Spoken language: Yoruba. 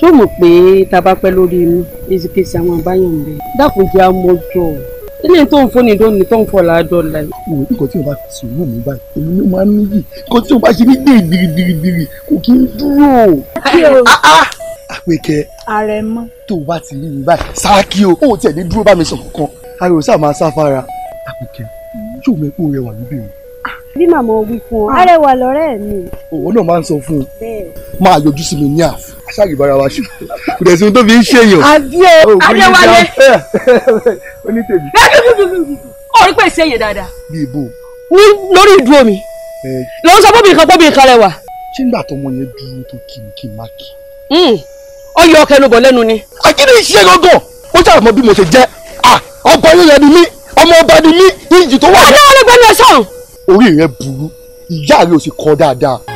ṣó mọ̀ pé taba a bá pẹ́ lórí mi ezikesi àwọn àbáyọ̀ ń bẹ dákun jẹ́ amọ́jọ́ ilé tó ń fóni lónìí tó ń fọ̀ láàdọ́ la. mo ní nǹkan tí o bá fi sùúrù mú báyìí èmi ló máa ń níyì nǹkan tí o bá ṣe ní dìrìdìrìdìrì kò kí n dúró. àpèkẹ́ àrẹ̀mọ tó o bá ti rí mi báyìí sáàkì o o tiẹ̀ lè dúró bá mi sọ kankan ariwo sáà máa sá fara àpèkẹ́ yóò mẹ́kú rẹwà níbí mi bí màmá wí fún ọ. arẹwà lọ̀rẹ́ mi. òun náà máa ń sọ fún un máa yọjú sí mi ní àf aṣáàgìbára wa ṣe kò dẹ̀ sí ohun tó fi ń ṣèyàn. àdìẹ adéwálé onítèmi. ó rí pé ìṣèyàn dáadáa. bí ibo. ní lórí ìdúró mi ló ń sọ bóbi nǹkan bóbi nǹkan rẹwà. ṣé nígbà tó ọmọ yẹn dúró tó kìnkìn má kì. Hmm. ó yọ ọkẹ ẹnu bọ lẹ́nu ni. akíní iṣẹ́ gangan ó ṣàmọ́ bí mo ṣe jẹ́ ọba yẹn ni mí ọmọ ọba ni mí ìjì tó wà. adéwálé gbẹ́nu ẹ̀ sọ̀rọ̀. orí rẹ burú ìyá rẹ ò sì kọ́ dáadáa.